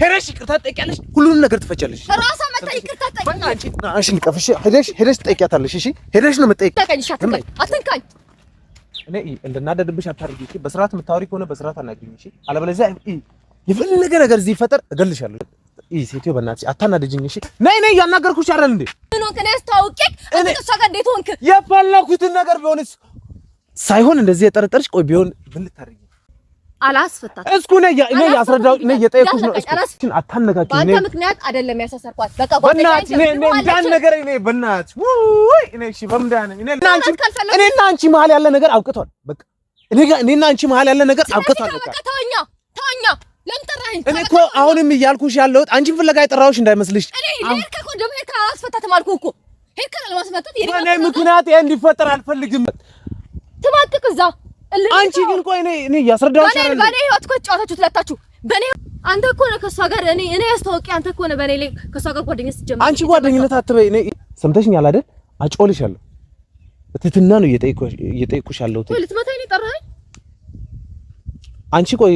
ሄደሽ ይቅርታ ትጠይቂያለሽ፣ ሁሉንም ነገር ትፈቻለሽ። ራሷ መጣ ትጠይቂያታለሽ። እሺ ሄደሽ ነው እንድናደድብሽ እሺ በስርዓት የምታወሪ ከሆነ በስርዓት አናግሪኝ። እሺ አለበለዚያ የፈለገ ነገር እዚህ ይፈጠር እገልሻለሁ። ይህ ሴትዮ በእናትሽ እሺ ነይ ነይ፣ እያናገርኩሽ አይደል እንዴ? ምን ሆንክ? እኔ እሷ ጋር እንዴት ሆንክ? የፈለኩትን ነገር ቢሆንስ ሳይሆን እንደዚህ የጠረጠርሽ ቆይ ቢሆን ምን ልታደርጊ አላስፈታትም። እስኩ ነይ ነይ አስረዳው ነይ የጠየኩሽ ነው። እስኩ አታነካኪ። በአንተ ምክንያት አይደለም ያሳሰርኳት። በቃ በእናትሽ ነይ ነይ እንዳን ነገር ነይ በእናትሽ ውይ ነይ እሺ በምዳን ነይ እናንቺ እኔና አንቺ መሀል ያለ ነገር አብቅቷል። በቃ እኔ ጋር እኔና አንቺ መሀል ያለ ነገር አብቅቷል። በቃ ተወኛ ተወኛ። ለምን ጠራኸኝ? እኔ እኮ አሁንም እያልኩሽ ያለሁት አንቺን ፍለጋ የጠራሁሽ እንዳይመስልሽ። እኔ ሄድክ እኮ ደግሞ ሄድክ አላስፈታትም አልኩህ እኮ ሄድክ አላስፈታትም። በእኔ ምክንያት ይሄ እንዲፈጠር አልፈልግም። አንቺ ግን ቆይ እኔ እኔ እያስረዳሁሽ አይደል? በኔ ህይወት እኮ ተጫወታችሁ ትለታችሁ። በኔ አንተ እኮ ነህ ከእሷ ጋር እኔ እኔ አንተ እኮ ላይ ከእሷ ጋር ስትጀምር። አንቺ ጓደኝነት አትበይ። እኔ ሰምተሽኛል አይደል? አጮልሻለሁ። ትህትና ነው ልትመታኝ ነው የጠራኸኝ? አንቺ ቆይ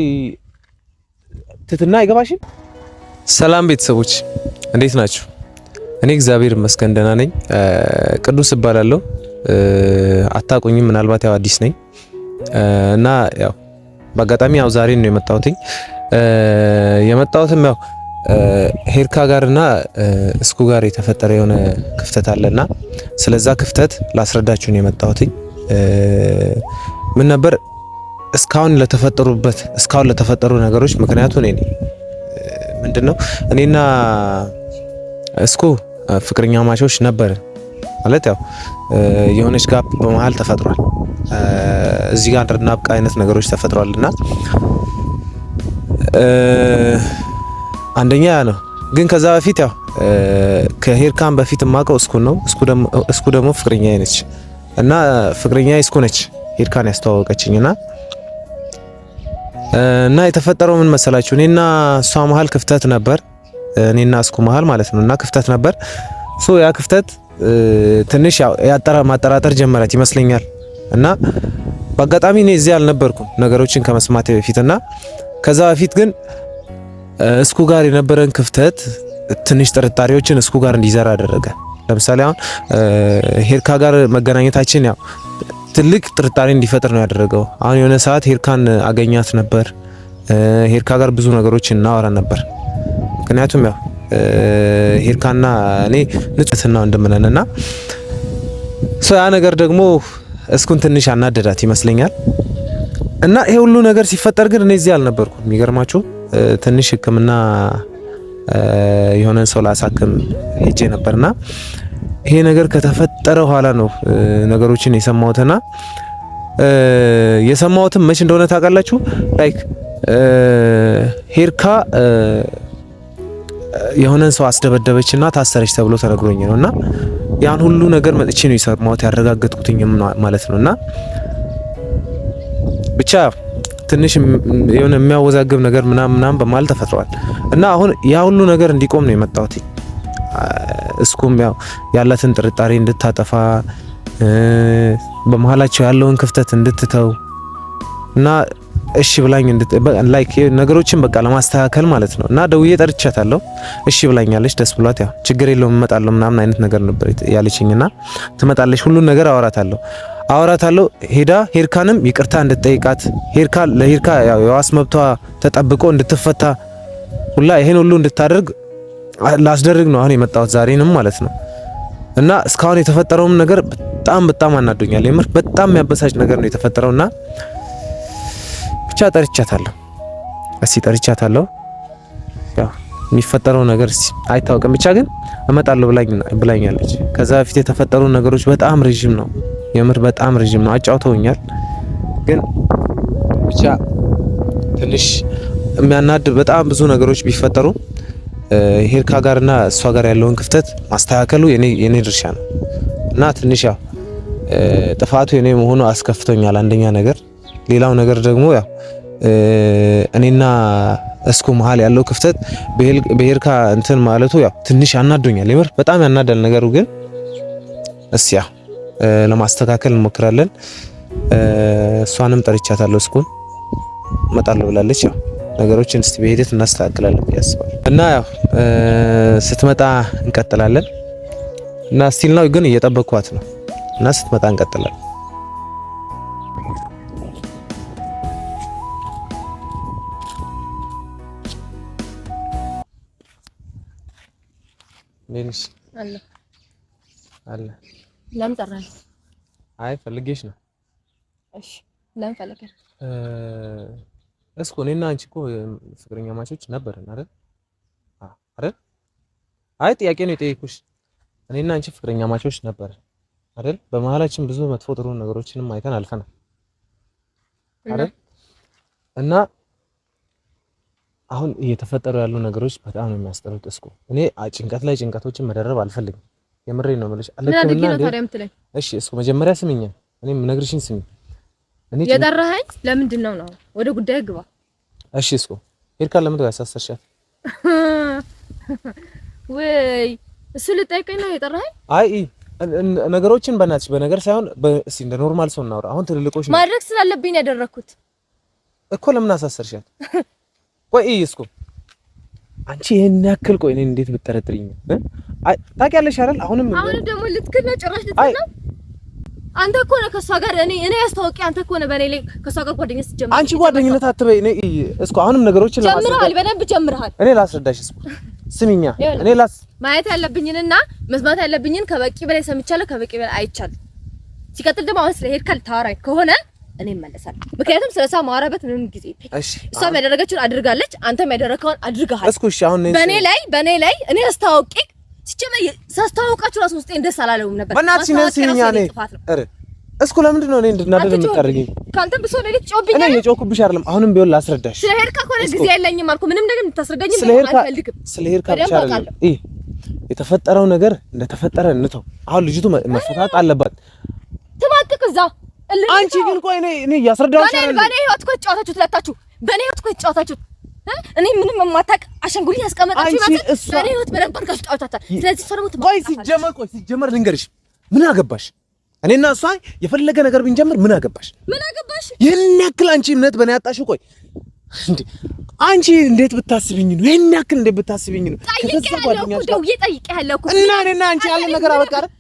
ትህትና አይገባሽም። ሰላም ቤተሰቦች እንዴት ናችሁ? እኔ እግዚአብሔር ይመስገን ደህና ነኝ። ቅዱስ እባላለሁ። አታውቁኝም ምናልባት ያው አዲስ ነኝ እና ያው በአጋጣሚ ያው ዛሬ ነው የመጣሁትኝ የመጣሁትም ያው ሄርካ ጋርና እስኩ ጋር የተፈጠረ የሆነ ክፍተት አለና ስለዛ ክፍተት ላስረዳችሁ ነው የመጣሁትኝ። ምን ነበር እስካሁን ለተፈጠሩበት እስካሁን ለተፈጠሩ ነገሮች ምክንያቱ እኔ ነኝ። ምንድነው እኔና እስኩ ፍቅረኛ ማቾች ነበር ማለት ያው የሆነች ጋፕ በመሃል ተፈጥሯል። እዚህ ጋር እንድናብቃ አይነት ነገሮች ተፈጥሯልና አንደኛ ያ ነው። ግን ከዛ በፊት ያው ከሄርካን በፊት የማውቀው እስኩ ነው። እስኩ ደግሞ ፍቅረኛ ነች እና ፍቅረኛ እስኩ ነች ሄርካን ያስተዋወቀችኝና እና የተፈጠረው ምን መሰላችሁ? እኔና እሷ መሀል ክፍተት ነበር። እኔና እስኩ መሀል ማለት ነው። እና ክፍተት ነበር። ሶ ያ ክፍተት ትንሽ ማጠራጠር ጀመረች ይመስለኛል እና በአጋጣሚ እኔ እዚህ አልነበርኩም ነገሮችን ከመስማቴ በፊት እና ከዛ በፊት ግን እስኩ ጋር የነበረን ክፍተት ትንሽ ጥርጣሬዎችን እስኩ ጋር እንዲዘራ አደረገ። ለምሳሌ አሁን ሄርካ ጋር መገናኘታችን ያው ትልቅ ጥርጣሬ እንዲፈጥር ነው ያደረገው። አሁን የሆነ ሰዓት ሄርካን አገኛት ነበር። ሄርካ ጋር ብዙ ነገሮችን እናወራ ነበር። ምክንያቱም ያው ሄርካና እኔ ንጹሕትና ወንድምነን እና ያ ነገር ደግሞ እስኩን ትንሽ አናደዳት ይመስለኛል። እና ይሄ ሁሉ ነገር ሲፈጠር ግን እኔ እዚህ አልነበርኩም። የሚገርማችሁ ትንሽ ሕክምና የሆነን ሰው ላሳክም ሄጄ ነበርና ይሄ ነገር ከተፈጠረ ኋላ ነው ነገሮችን የሰማሁትና የሰማሁትም መች እንደሆነ ታውቃላችሁ ላይክ ሄርካ የሆነን ሰው አስደበደበችና ታሰረች ተብሎ ተነግሮኝ ነውና ያን ሁሉ ነገር መጥቼ ነው የሰማሁት ያረጋገጥኩትኝም ማለት ነው እና ብቻ ትንሽ የሆነ የሚያወዛግብ ነገር ምናምን ምናምን በማል ተፈጥሯል። እና አሁን ያ ሁሉ ነገር እንዲቆም ነው የመጣሁት። እስኩም ያው ያላትን ጥርጣሬ እንድታጠፋ በመሀላቸው ያለውን ክፍተት እንድትተው እና እሺ ብላኝ ላይክ ነገሮችን በቃ ለማስተካከል ማለት ነው። እና ደውዬ ጠርቻታለሁ። እሺ ብላኛለች። ደስ ብሏት ያው ችግር የለውም እመጣለሁ ምናምን አይነት ነገር ነበር ያለችኝና ትመጣለች። ሁሉን ነገር አወራታለሁ አወራታለሁ ሄዳ ሄርካንም ይቅርታ እንድትጠይቃት ሄርካ ለሄርካ የዋስ መብቷ ተጠብቆ እንድትፈታ ሁላ ይሄን ሁሉ እንድታደርግ ላስደርግ ነው አሁን የመጣሁት ዛሬንም ማለት ነው። እና እስካሁን የተፈጠረውም ነገር በጣም በጣም አናዶኛል። የምር በጣም የሚያበሳጭ ነገር ነው የተፈጠረውና ጠርቻታለሁ። እስቲ ጠርቻታለሁ። ያው የሚፈጠረው ነገር አይታወቅም። ብቻ ግን እመጣለሁ ብላኛለች። ከዛ በፊት የተፈጠሩ ነገሮች በጣም ረዥም ነው፣ የምር በጣም ረዥም ነው። አጫውተውኛል። ግን ብቻ ትንሽ የሚያናድ በጣም ብዙ ነገሮች ቢፈጠሩ ሄርካ ጋርና እሷ ጋር ያለውን ክፍተት ማስተካከሉ የኔ ድርሻ ነው እና ትንሽ ያው ጥፋቱ የኔ መሆኑ አስከፍቶኛል። አንደኛ ነገር ሌላው ነገር ደግሞ ያው እኔና እስኩ መሀል ያለው ክፍተት ብሄርካ እንትን ማለቱ ያው ትንሽ ያናዶኛል። የምር በጣም ያናዳል። ነገሩ ግን እስኪ ያው ለማስተካከል እንሞክራለን። እሷንም ጠርቻታለሁ። እስኩን እመጣለሁ ብላለች። ያው ነገሮችን እስቲ በሂደት እናስተካክላለን ብዬ አስባለሁ እና ያው ስትመጣ እንቀጥላለን እና ስቲል ነው ግን እየጠበቅኳት ነው እና ስትመጣ እንቀጥላለን። እንዴት አለ አለ። አለሁ። ለምን ጠራኸኝ? አይ ፈልጌሽ ነው። እሺ ለምን ፈለገኝ? እስኮ እኔና አንቺ እኮ ፍቅረኛ ማቾች ነበርን አይደል? አይደል? አይ ጥያቄ ነው የጠየኩሽ። እኔና አንቺ ፍቅረኛ ማቾች ነበር አይደል? በመሀላችን ብዙ መጥፎ ጥሩ ነገሮችንም አይተን አልፈናል አይደል? እና አሁን እየተፈጠሩ ያሉ ነገሮች በጣም ነው የሚያስጠሉት። እስኩ እኔ ጭንቀት ላይ ጭንቀቶችን መደረብ አልፈልግም። የምሬ ነው የምልሽ። እሺ እስኩ መጀመሪያ ስሚኝ፣ እኔ የምነግርሽን ስሚ። የጠራኸኝ ለምንድን ነው ነው? ወደ ጉዳይ ግባ። እሺ እስኩ ሄድካ፣ ለምንድን ነው ያሳሰርሻት? ወይ እሱ ልጠይቀኝ ነው የጠራኸኝ? አይ ነገሮችን በእናትሽ በነገር ሳይሆን እስኪ እንደ ኖርማል ሰው እናውራ። አሁን ትልልቆች ማድረግ ስላለብኝ ያደረግኩት እኮ። ለምን አሳሰርሻት? ቆይ እስኩ አንቺ ይሄን ያክል ቆይ፣ እኔን እንዴት ብትጠረጥሪኝ ታውቂያለሽ አይደል? አሁንም አሁንም ደግሞ ልትክል ጭራሽ ልትክል አንተ እኮ ነህ ከእሷ ጋር እኔ እኔ ያስታውቂ አንተ እኮ ነህ በእኔ ላይ ከእሷ ጋር ጓደኛ ስትጀምር። አንቺ ጓደኝነት አትበይ። እኔ እስኩ አሁንም ነገሮችን ጀምረሃል፣ በደንብ ጀምረሃል። እኔ ላስረዳሽ እስኩ ስሚኛ፣ እኔ ላስ ማየት ያለብኝንና መስማት ያለብኝን ከበቂ በላይ ሰምቻለሁ፣ ከበቂ በላይ አይቻለሁ። ሲቀጥል ደግሞ አሁን ስለሄድካል ልታወራኝ ከሆነ እኔ እመለሳለሁ። ምክንያቱም ስለ እሷ ማውራበት ምንም ጊዜ እሷ ያደረገችውን አድርጋለች፣ አንተም ያደረግከውን አድርገሃል። በእኔ ላይ በእኔ ላይ እኔ አስታውቂ ሲጀመር ሳስተዋውቃችሁ ራሱ ውስጤ ደስ አላለውም ነበር። በእናትሽ ሲነስኛ ነው እስኩ ለምንድን ነው እኔ እንድናደድ የምታደርገኝ? ካንተ ብሶ ነው ልትጮብኝ እኔ የጮኩብሽ አይደለም። አሁንም ቢሆን ላስረዳሽ። ስለ ሄርካ ከሆነ ጊዜ የለኝም አልኩ። ምንም ነገር እንድታስረዳኝ አልፈልግም። ስለ ሄርካ ብቻ አይደለም ይሄ የተፈጠረው ነገር እንደተፈጠረ እንተው። አሁን ልጅቱ መፈታት አለባት። ትባትክ እዛ አንቺ ግን ቆይ እኔ እኔ እያስረዳሁሽ አይደል? በእኔ ህይወት እኮ የተጫወታችሁት በእኔ ህይወት እኮ የተጫወታችሁት እኔ ምንም የማታውቅ አሻንጉሊት ያስቀመጣችሁ በእኔ ህይወት በደንብ አድርጋችሁ ስለዚህ ደግሞ ቆይ ሲጀመር ቆይ ሲጀመር ልንገርሽ፣ ምን አገባሽ? እኔና እሷ የፈለገ ነገር ብንጀምር ምን አገባሽ? ምን አገባሽ? ይህን ያክል አንቺ እምነት በእኔ ቆይ እንዴ አንቺ እንዴት ብታስብኝ ነው? ይሄን ያክል እንዴት ብታስብኝ ነው? ጠይቄ ያለው እኮ ደውዬ ጠይቄ ያለው እኮ እና እኔና አንቺ ነገር አበቃ አይደል?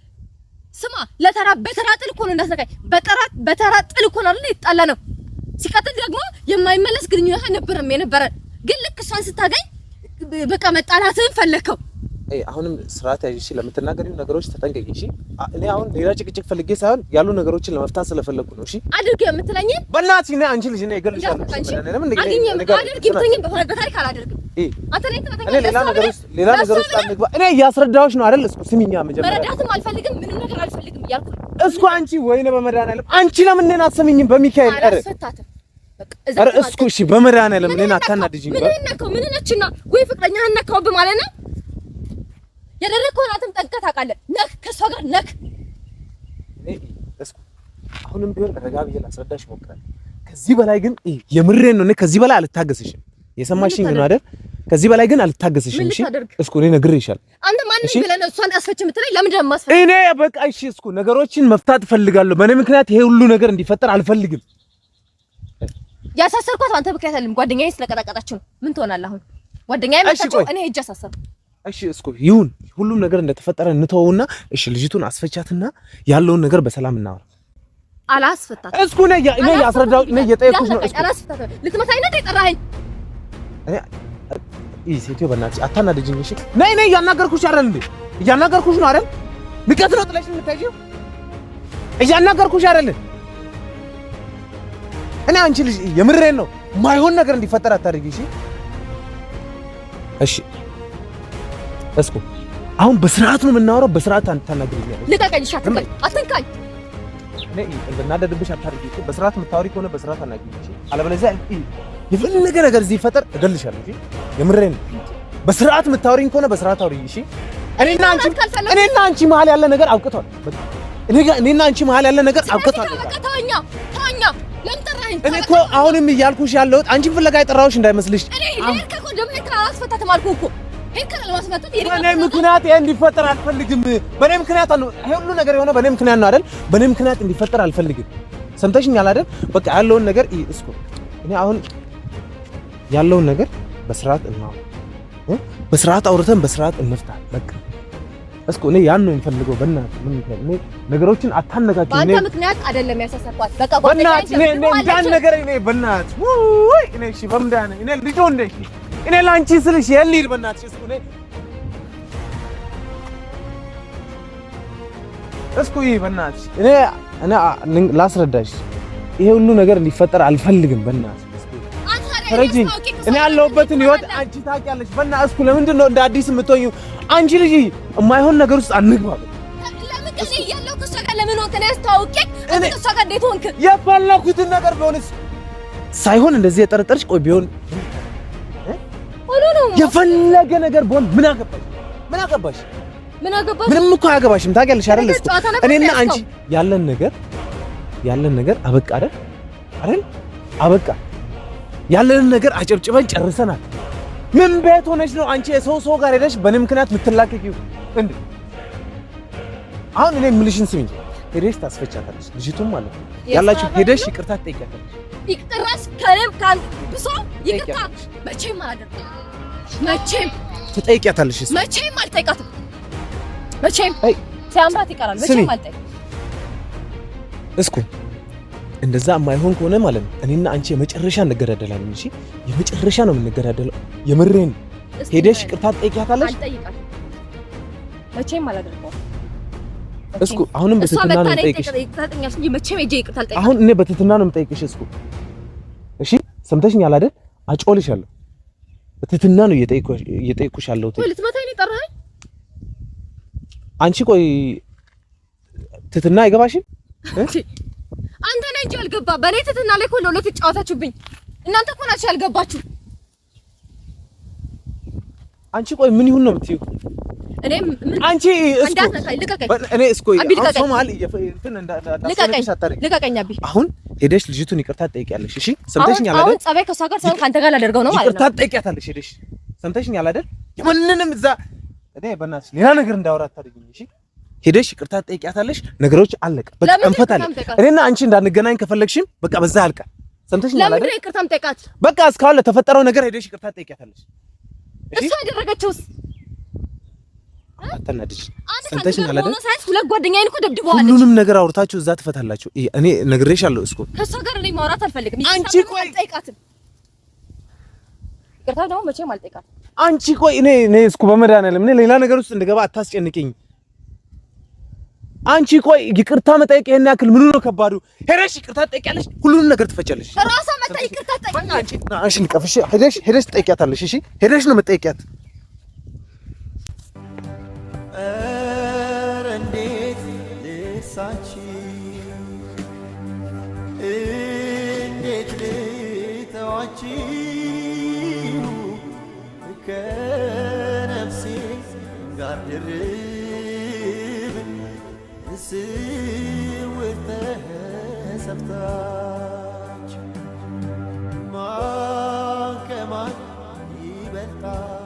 ስማ ለተራ በተራ ጥል እኮ ነው እንዳስነካኝ። በተራ በተራ ጥል እኮ ነው የተጣላ ነው። ሲቀጥል ደግሞ የማይመለስ ግንኙነት ነበረም የነበረ ግን ልክ እሷን ስታገኝ በቃ መጣላትህን ፈለከው። አሁንም ስርዓት ያዥ። ለምትናገሪው ነገሮች ተጠንቀቂ እሺ። እኔ አሁን ሌላ ጭቅጭቅ ፈልጌ ሳይሆን ያሉ ነገሮችን ለመፍታት ስለፈለኩ ነው። እሺ አድርግ የምትለኝ በእናትህ ነህ አንቺ ልጅ ነህ። ይገልሻል። ሌላ ነገር ውስጥ አንግባ። እኔ እያስረዳሁሽ ነው አይደል? ስሚኛ መጀመሪያ መረዳትም አልፈልግም ምንም እስኩ አንቺ ወይኔ በመድኃኒዓለም አንቺ ለምን እኔን አትሰሚኝም? በሚካኤል ኧረ ኧረ እስኩ እሺ፣ በመድኃኒዓለም እኔን አታናድጂኝ። ምን ነካው? ምን ነችና ወይ ፍቅረኛ አነካው በማለት ነው ያደረከው። አትም ጠጋ ታውቃለህ። ነክ ከሷ ጋር ነክ እስኩ አሁንም ቢሆን ረጋ ብዬ ላስረዳሽ እሞክራለሁ። ከዚህ በላይ ግን የምሬን ነው። እኔ ከዚህ በላይ አልታገስሽም። የሰማሽኝ ነው አይደል? ከዚህ በላይ ግን አልታገስሽም። እሺ እስኩ እኔ እነግርሻለሁ። አንተ ማን ብለህ ነው እሷን አስፈች የምትለኝ? ለምን ነው የማስፈች? እኔ በቃ እሺ፣ እስኩ ነገሮችን መፍታት እፈልጋለሁ። በእኔ ምክንያት ይሄ ሁሉ ነገር እንዲፈጠር አልፈልግም። ያሳሰርኳት አንተ ምክንያት አይደለም፣ ጓደኛዬ ስለቀጣቀጣችሁ ነው። ምን ትሆናለህ አሁን? ጓደኛዬ መጣችሁ፣ እኔ ሄጄ አሳሰርኩ። እሺ እስኩ ይሁን፣ ሁሉም ነገር እንደተፈጠረ እንተወውና፣ እሺ ልጅቱን አስፈቻትና ያለውን ነገር በሰላም እናወራ። አላስፈታትም እስኩ ነኝ፣ እኔ ያስረዳው እኔ እየጠየኩሽ ነው። እስኩ አላስፈታትም። ልትመታኝ ነው የጠራኸኝ? ይህ ሴትዮ በእናትሽ አታናድጂኝ። እሺ ነይ ነይ፣ እያናገርኩሽ አይደል እንዴ? እያናገርኩሽ ነው አይደል? ንቀት ነው ጥለሽ የምታይሺው። እያናገርኩሽ አይደል? እኔ አንቺ ልጅ የምሬን ነው። ማይሆን ነገር እንዲፈጠር አታድርጊ። እሺ እሺ። እስኩ አሁን በስርዓት ነው የምናወራው። በስርዓት ታናግሪኛለሽ። ልቀቀኝ! እሺ አትንካኝ፣ አትንካኝ ነይ። እንደናደድብሽ አታድርጊ። በስርዓት የምታወሪ ከሆነ በስርዓት አናግሪኝ። አለበለዚያ የፈለገ ነገር እዚህ ይፈጠር እገልሻለሁ። እሺ፣ የምሬን በስርዓት የምታወሪኝ ከሆነ በስርዓት አውሪኝ። እሺ፣ እኔና አንቺ እኔና አንቺ መሀል ያለ ነገር አብቅቷል። እኔና አንቺ መሀል ያለ ነገር አብቅቷል። እኔ እኮ አሁንም እያልኩሽ ያለሁት አንቺን ፍለጋ የጠራሁሽ እንዳይመስልሽ። በእኔ ምክንያት ይሄ እንዲፈጠር አልፈልግም። በእኔ ምክንያት ሁሉ ነገር የሆነ በእኔ ምክንያት ነው አይደል? በእኔ ምክንያት እንዲፈጠር አልፈልግም። ሰምተሽኛል አይደል? በቃ ያለውን ነገር እስኮ እኔ አሁን ያለውን ነገር በስርዓት እናው በስርዓት አውርተን በስርዓት እንፍታ። በቃ እስኩ እኔ ያን ነው የምፈልገው። በእናትህ ምን እኔ ነገሮችን አታነጋግኝ። በአንተ ምክንያት አይደለም ያሳሰብኳት። በቃ በእናትህ እኔ እኔ እንዳን ነገር እኔ በእናትህ ውይ እኔ እሺ በምዳነ እኔ ልጆ እንደ እሺ እኔ ላንቺ ስልሽ የልሂድ በእናትሽ እስኩ እኔ እስኩ ይሄ በእናትሽ እኔ እኔ ላስረዳሽ ይሄ ሁሉ ነገር ሊፈጠር አልፈልግም በእናትህ ረጂኝ እኔ ያለሁበትን ህይወት አንቺ ታውቂያለሽ። በና እስኩ ለምንድን ነው እንደ አዲስ የምትሆኚው? አንቺ ልጅ የማይሆን ነገር ውስጥ አንግባ። የፈለኩትን ነገር ቢሆንስ ሳይሆን እንደዚህ ቆይ ቢሆን የፈለገ ነገር ቢሆን ምን አገባሽ? ምን አገባሽ? ምንም እኮ አያገባሽም። ታውቂያለሽ አይደል? እስኩ እኔና አንቺ ያለን ነገር ያለን ነገር አበቃ አይደል? አይደል? አበቃ ያለንን ነገር አጨብጭበን ጨርሰናል። ምን ቤት ሆነች ነው አንቺ የሰው ሰው ጋር ሄደሽ በእኔ ምክንያት የምትላቀቂው? እንዴ አሁን እኔ የምልሽን ስሚ። ሄደሽ ታስፈቻታለሽ ልጅቱም ማለት ነው ያላችሁ። ሄደሽ ይቅርታ ትጠይቂያታለሽ። ይቅራስ ከለም ካል ብሶ ይቅርታ መቼም አላደርግም። መቼም ትጠይቂያታለሽ። መቼም አልጠይቃትም። መቼም ሲያምራት ይቀራል። መቼም አልጠይቅም እስኩኝ እንደዛ የማይሆን ከሆነ ማለት ነው እኔና አንቺ የመጨረሻ እንገዳደላለን። እሺ፣ የመጨረሻ ነው የምንገዳደለው። የምሬን ሄደሽ ይቅርታ ትጠይቂያታለሽ? አልጠይቃትም፣ መቼም አላደርገውም። እስኩ አሁንም በትህትና ነው የምጠይቅሽ። አሁን እኔ በትህትና ነው የምጠይቅሽ። እስኩ እሺ፣ ሰምተሽኛል አይደል? አጮልሻለሁ። በትህትና ነው እየጠየኩሽ ያለሁት። ልትመታኝ ነው የጠራኸኝ? አንቺ ቆይ ትህትና አይገባሽም? አንተ ነህ እንጂ ያልገባ በእኔ ትትና ላይ እኮ ለሁለት ጫወታችሁብኝ። እናንተ እኮ ናችሁ ያልገባችሁ። አንቺ ቆይ ምን ይሁን ነው የምትይው? አንቺ አሁን ሄደሽ ልጅቱን ይቅርታ ትጠይቂያለሽ። እሺ ሰምተሽኛል አይደል? አሁን ከእሷ ጋር ሳይሆን ከአንተ ጋር ላደርገው ነው ማለት ነው። ይቅርታ ትጠይቂያታለሽ። ሄደሽ ሰምተሽኛል አይደል? የማንንም እዛ እኔ በእናትሽ ሌላ ነገር እንዳወራ እሺ ሄደሽ ይቅርታ ጠይቂያታለሽ። ነገሮች አለቀ፣ በቃ እንፈታለን። እኔና አንቺ እንዳንገናኝ ከፈለግሽም በቃ በዛ አልቃ። ሰምተሽኛል አይደል? ለምን ይቅርታም ጠይቃት። በቃ እስካሁን ለተፈጠረው ነገር ሄደሽ ይቅርታ ጠይቂያታለሽ። እሺ፣ ያደረገችውስ አታናድጅ። ሰምተሽኛል አይደል? ሁለት ጓደኛዬን እኮ ደብድበዋለች። ሁሉንም ነገር አውርታችሁ እዛ ትፈታላችሁ። እኔ ነግሬሻለሁ እስኮ ከእሷ ጋር እኔ ማውራት አልፈልግም። አንቺ ቆይ ጠይቃትም ይቅርታ ደግሞ መቼም አልጠይቃትም። አንቺ ቆይ እኔ እኔ እስኮ በመድኃኒዓለም እኔ ሌላ ነገር ውስጥ እንደገባ አታስጨንቅኝ። አንቺ ቆይ ይቅርታ መጠየቅ ይሄን ያክል ምኑ ነው ከባዱ? ሄደሽ ይቅርታ ትጠይቂያለሽ፣ ሁሉንም ነገር ትፈጫለሽ። ራሷ መጣ ይቅርታ ትጠይቂያታለሽ። እሺ ሄደሽ ነው መጠየቂያት። ኧረ እንዴት ልሳንቺ እንዴት ልተዋቺ ከነፍሴ ጋር ድረስ سوى فسبتاج ما كمان يبلتاج